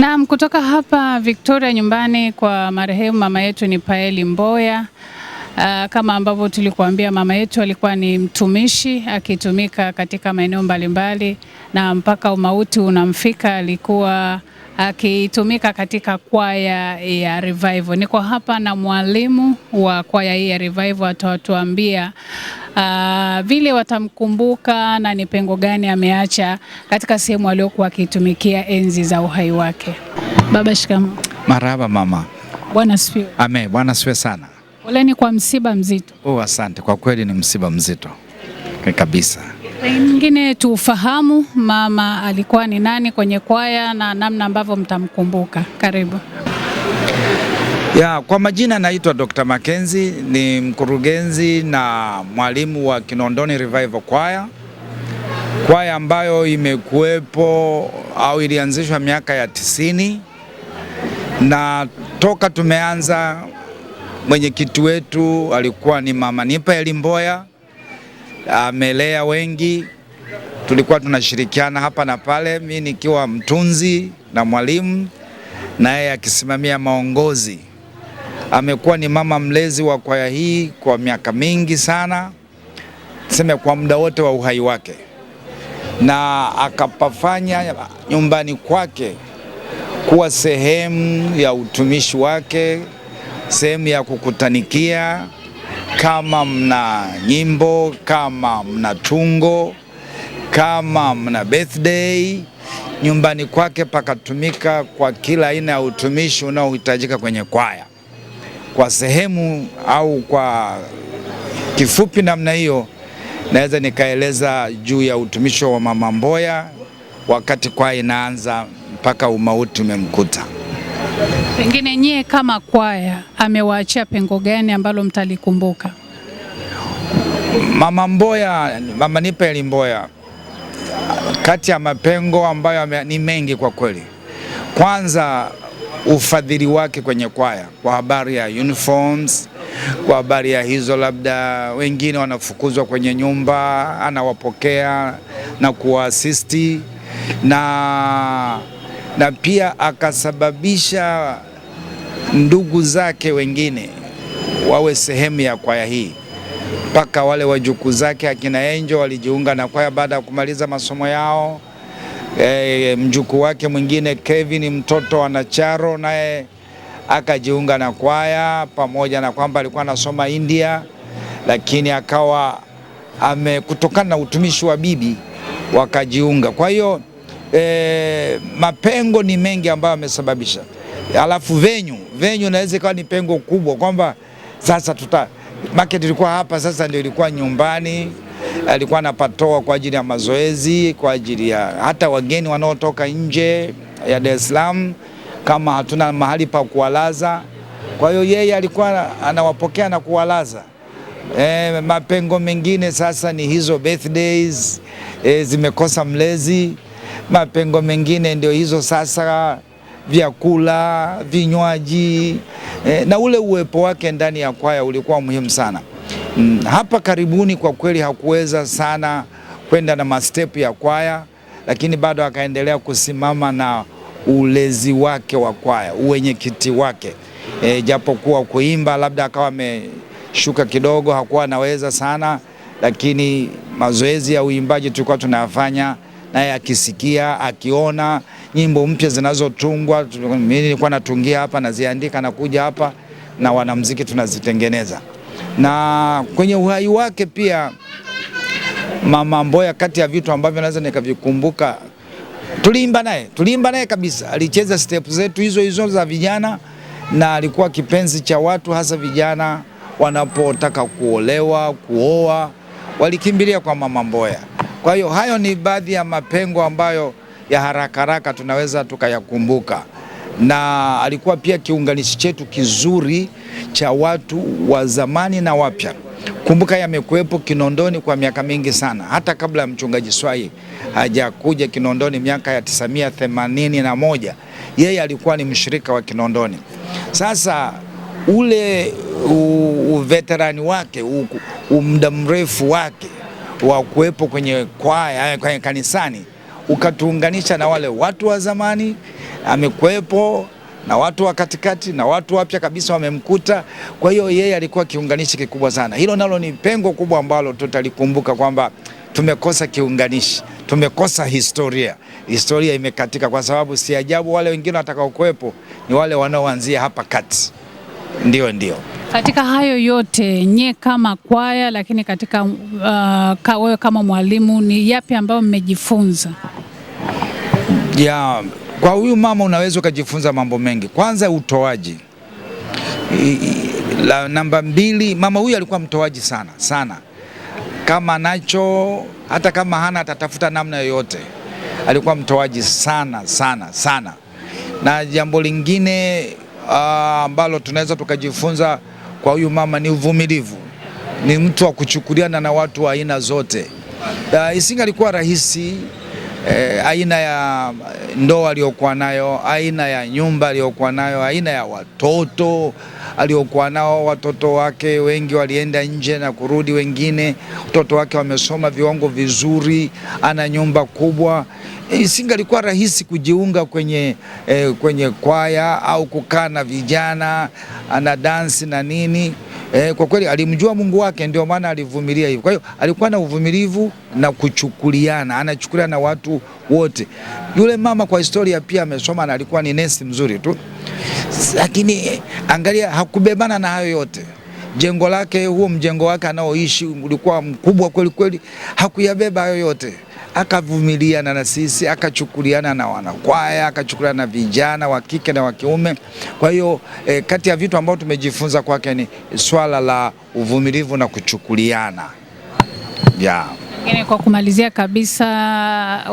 Naam, kutoka hapa Victoria nyumbani kwa marehemu mama yetu ni Paeli Mboya. Aa, ah, kama ambavyo tulikuambia mama yetu alikuwa ni mtumishi akitumika katika maeneo mbalimbali na mpaka umauti unamfika alikuwa akitumika katika kwaya ya Revival. Niko hapa na mwalimu wa kwaya hii ya Revival, atawatuambia uh, vile watamkumbuka na ni pengo gani ameacha katika sehemu aliyokuwa akitumikia enzi za uhai wake. Baba, shikamoo. Marhaba mama. Bwana asifiwe. Amen. Bwana asifiwe sana. Poleni kwa msiba mzito. Oh, asante. Kwa kweli ni msiba mzito kabisa. Pengine tufahamu mama alikuwa ni nani kwenye kwaya na namna ambavyo mtamkumbuka. Karibu. Ya, kwa majina naitwa Dr. Makenzi, ni mkurugenzi na mwalimu wa Kinondoni Revival Choir. Kwaya ambayo imekuwepo au ilianzishwa miaka ya tisini na toka tumeanza mwenyekiti wetu alikuwa ni Mama Nipa Elimboya amelea wengi, tulikuwa tunashirikiana hapa na pale, mi nikiwa mtunzi na mwalimu, na yeye akisimamia maongozi. Amekuwa ni mama mlezi wa kwaya hii kwa miaka mingi sana, tuseme kwa muda wote wa uhai wake, na akapafanya nyumbani kwake kuwa sehemu ya utumishi wake, sehemu ya kukutanikia kama mna nyimbo, kama mna tungo, kama mna birthday, nyumbani kwake pakatumika kwa kila aina ya utumishi unaohitajika kwenye kwaya. Kwa sehemu au kwa kifupi namna hiyo, naweza nikaeleza juu ya utumishi wa Mama Mboya wakati kwaya inaanza mpaka umauti umemkuta. Pengine nyie kama kwaya amewaachia pengo gani ambalo mtalikumbuka? Mama Mboya, Mama eli Mboya, kati ya mapengo ambayo ni mengi kwa kweli. Kwanza ufadhili wake kwenye kwaya kwa habari ya uniforms, kwa habari ya hizo, labda wengine wanafukuzwa kwenye nyumba, anawapokea na kuwaasisti na na pia akasababisha ndugu zake wengine wawe sehemu ya kwaya hii mpaka wale wajukuu zake akina Enjo walijiunga na kwaya baada ya kumaliza masomo yao. E, mjukuu wake mwingine Kevin mtoto wa Nacharo naye akajiunga na kwaya, pamoja na kwamba alikuwa anasoma India, lakini akawa ame kutokana na utumishi wa bibi wakajiunga. Kwa hiyo e, mapengo ni mengi ambayo amesababisha alafu venyu venyu naweza ikawa ni pengo kubwa, kwamba sasa tuta market ilikuwa hapa, sasa ndio ilikuwa nyumbani, alikuwa napatoa kwa ajili ya mazoezi, kwa ajili ya hata wageni wanaotoka nje ya Dar es Salaam, kama hatuna mahali pa kuwalaza. Kwa hiyo yeye alikuwa anawapokea na kuwalaza. E, mapengo mengine sasa ni hizo birthdays e, zimekosa mlezi. Mapengo mengine ndio hizo sasa vyakula, vinywaji eh, na ule uwepo wake ndani ya kwaya ulikuwa muhimu sana. Mm, hapa karibuni kwa kweli hakuweza sana kwenda na mastepu ya kwaya, lakini bado akaendelea kusimama na ulezi wake wa kwaya, uwenyekiti wake e, japokuwa kuimba labda akawa ameshuka kidogo, hakuwa anaweza sana, lakini mazoezi ya uimbaji tulikuwa tunayafanya naye akisikia, akiona nyimbo mpya zinazotungwa. Mimi nilikuwa natungia hapa, naziandika, nakuja hapa na wanamuziki tunazitengeneza. Na kwenye uhai wake pia Mama Mboya, kati ya vitu ambavyo naweza nikavikumbuka, tuliimba naye, tuliimba naye kabisa, alicheza step zetu hizo hizo za vijana, na alikuwa kipenzi cha watu, hasa vijana wanapotaka kuolewa, kuoa, walikimbilia kwa Mama Mboya. Kwa hiyo hayo ni baadhi ya mapengo ambayo ya haraka haraka tunaweza tukayakumbuka, na alikuwa pia kiunganishi chetu kizuri cha watu wa zamani na wapya. Kumbuka yamekuwepo Kinondoni kwa miaka mingi sana, hata kabla ya mchungaji Swai hajakuja Kinondoni miaka ya tisamia themanini na moja, yeye alikuwa ni mshirika wa Kinondoni. Sasa ule uveterani wake, muda mrefu wake wa kuwepo kwenye kwaya kwenye kanisani ukatuunganisha na wale watu wa zamani, amekuwepo na watu wa katikati na watu wapya kabisa wamemkuta. Kwa hiyo yeye alikuwa kiunganishi kikubwa sana. Hilo nalo ni pengo kubwa ambalo tutalikumbuka kwamba tumekosa kiunganishi, tumekosa historia. Historia imekatika, kwa sababu si ajabu wale wengine watakaokuwepo ni wale wanaoanzia hapa kati. Ndio, ndio. Katika hayo yote nyie kama kwaya, lakini katika uh, wewe kama mwalimu, ni yapi ambayo mmejifunza? Ya, kwa huyu mama unaweza ukajifunza mambo mengi. Kwanza utoaji la namba mbili, mama huyu alikuwa mtoaji sana sana. Kama nacho hata kama hana, atatafuta namna yoyote. Alikuwa mtoaji sana sana sana. Na jambo lingine uh, ambalo uh, tunaweza tukajifunza kwa huyu mama ni uvumilivu, ni mtu wa kuchukuliana na watu wa aina zote. Uh, isingalikuwa rahisi eh, aina ya eh, ndoa aliyokuwa nayo, aina ya nyumba aliyokuwa nayo, aina ya watoto aliyokuwa nao. Watoto wake wengi walienda nje na kurudi, wengine watoto wake wamesoma viwango vizuri, ana nyumba kubwa. Eh, alikuwa rahisi kujiunga kwenye, eh, kwenye kwaya au kukaa na vijana ana dansi na nini. E, kwa kweli alimjua Mungu wake, ndio maana alivumilia hivyo. Kwa hiyo alikuwa na uvumilivu na kuchukuliana, anachukuliana na watu wote. Yule mama kwa historia pia amesoma na alikuwa ni nesi mzuri tu, lakini angalia, hakubebana na hayo yote. Jengo lake, huo mjengo wake anaoishi ulikuwa mkubwa kweli kweli, hakuyabeba hayo yote akavumiliana na sisi, akachukuliana na wanakwaya, akachukuliana na vijana wa kike na wa kiume. Kwa hiyo e, kati ya vitu ambavyo tumejifunza kwake ni swala la uvumilivu na kuchukuliana yeah. Kwa kumalizia kabisa,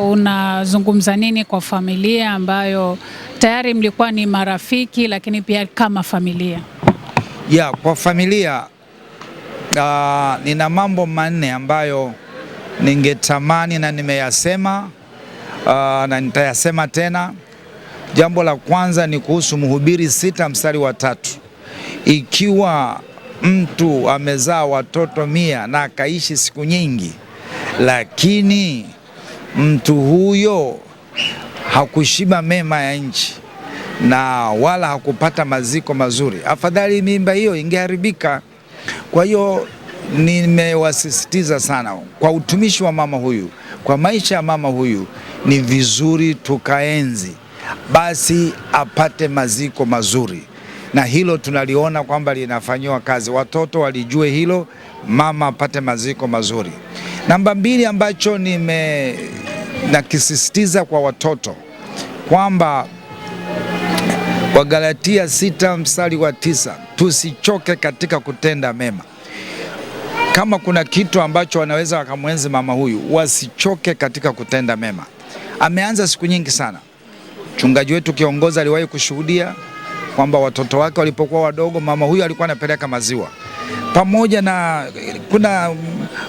unazungumza nini kwa familia ambayo tayari mlikuwa ni marafiki lakini pia kama familia? Ya, kwa familia uh, nina mambo manne ambayo ningetamani na nimeyasema uh, na nitayasema tena. Jambo la kwanza ni kuhusu Mhubiri sita mstari wa tatu ikiwa mtu amezaa watoto mia na akaishi siku nyingi, lakini mtu huyo hakushiba mema ya nchi na wala hakupata maziko mazuri, afadhali mimba hiyo ingeharibika. Kwa hiyo nimewasisitiza sana kwa utumishi wa mama huyu, kwa maisha ya mama huyu, ni vizuri tukaenzi, basi apate maziko mazuri, na hilo tunaliona kwamba linafanyiwa kazi, watoto walijue hilo, mama apate maziko mazuri. Namba mbili ambacho nime nakisisitiza kwa watoto kwamba Wagalatia sita mstari wa tisa tusichoke katika kutenda mema kama kuna kitu ambacho wanaweza wakamwenzi mama huyu, wasichoke katika kutenda mema. Ameanza siku nyingi sana. Mchungaji wetu kiongozi aliwahi kushuhudia kwamba watoto wake walipokuwa wadogo, mama huyu alikuwa anapeleka maziwa pamoja na kuna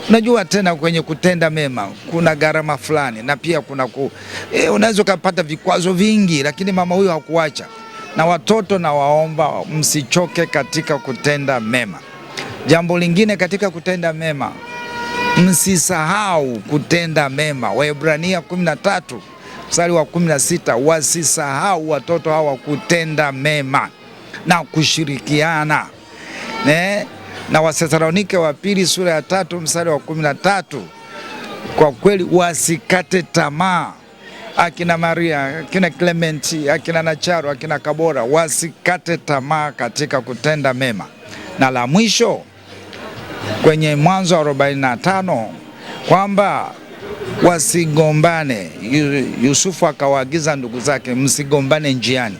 unajua tena kwenye kutenda mema kuna gharama fulani, na pia kuna ku, e, unaweza ukapata vikwazo vingi, lakini mama huyu hakuacha. Na watoto na waomba msichoke katika kutenda mema. Jambo lingine katika kutenda mema, msisahau kutenda mema. Waebrania 13 mstari wa 16, wasisahau watoto hawa kutenda mema na kushirikiana ne? na Wathesalonike wa pili sura ya tatu mstari wa 13, kwa kweli wasikate tamaa akina Maria, akina Clementi, akina Nacharo, akina Kabora wasikate tamaa katika kutenda mema. Na la mwisho kwenye Mwanzo 45 kwamba wasigombane. Yusufu akawaagiza ndugu zake, msigombane njiani,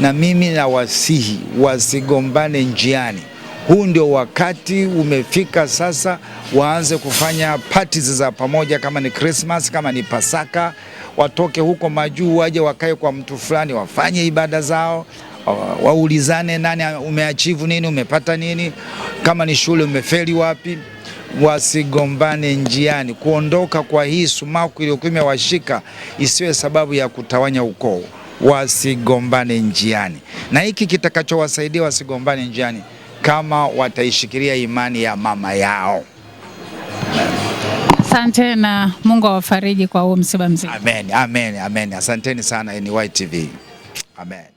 na mimi nawasihi wasigombane njiani. Huu ndio wakati umefika sasa, waanze kufanya parties za pamoja, kama ni Christmas, kama ni Pasaka, watoke huko majuu waje wakae kwa mtu fulani, wafanye ibada zao, Uh, waulizane nani umeachivu nini, umepata nini, kama ni shule umefeli wapi. Wasigombane njiani. Kuondoka kwa hii sumaku iliyokuwa imewashika isiwe sababu ya kutawanya ukoo. Wasigombane njiani, na hiki kitakachowasaidia wasigombane njiani kama wataishikilia imani ya mama yao. Asante na Mungu awafariji kwa huo msiba mzito. Amen, amen, amen. Asanteni sana NY TV. Amen.